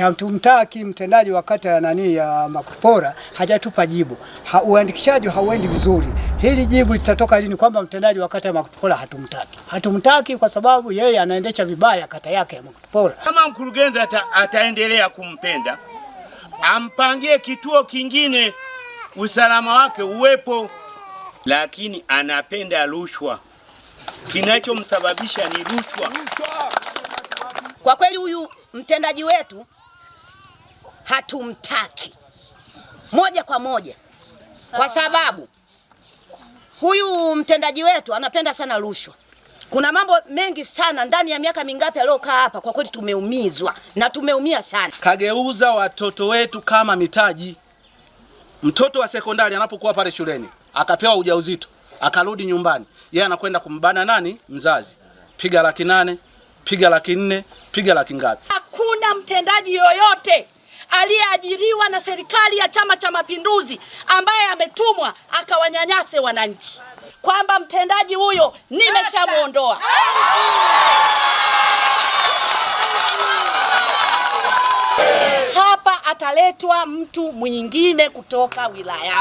Hatumtaki mtendaji wa kata ya nani ya Makutupora hajatupa jibu. Ha, uandikishaji hauendi vizuri. Hili jibu litatoka lini kwamba mtendaji wa kata ya Makutupora hatumtaki? Hatumtaki kwa sababu yeye anaendesha vibaya kata yake ya Makutupora. Kama mkurugenzi ata, ataendelea kumpenda, ampangie kituo kingine, usalama wake uwepo, lakini anapenda rushwa. Kinachomsababisha ni rushwa. Kwa kweli huyu mtendaji wetu hatumtaki moja kwa moja, kwa sababu huyu mtendaji wetu anapenda sana rushwa. Kuna mambo mengi sana ndani ya miaka mingapi aliyokaa hapa, kwa kweli tumeumizwa na tumeumia sana. Kageuza watoto wetu kama mitaji. Mtoto wa sekondari anapokuwa pale shuleni akapewa ujauzito akarudi nyumbani, yeye anakwenda kumbana nani? Mzazi, piga laki nane, piga laki nne, piga laki ngapi? Hakuna mtendaji yoyote ameajiriwa na serikali ya Chama cha Mapinduzi ambaye ametumwa akawanyanyase wananchi, kwamba mtendaji huyo nimeshamwondoa. Hapa ataletwa mtu mwingine kutoka wilayani.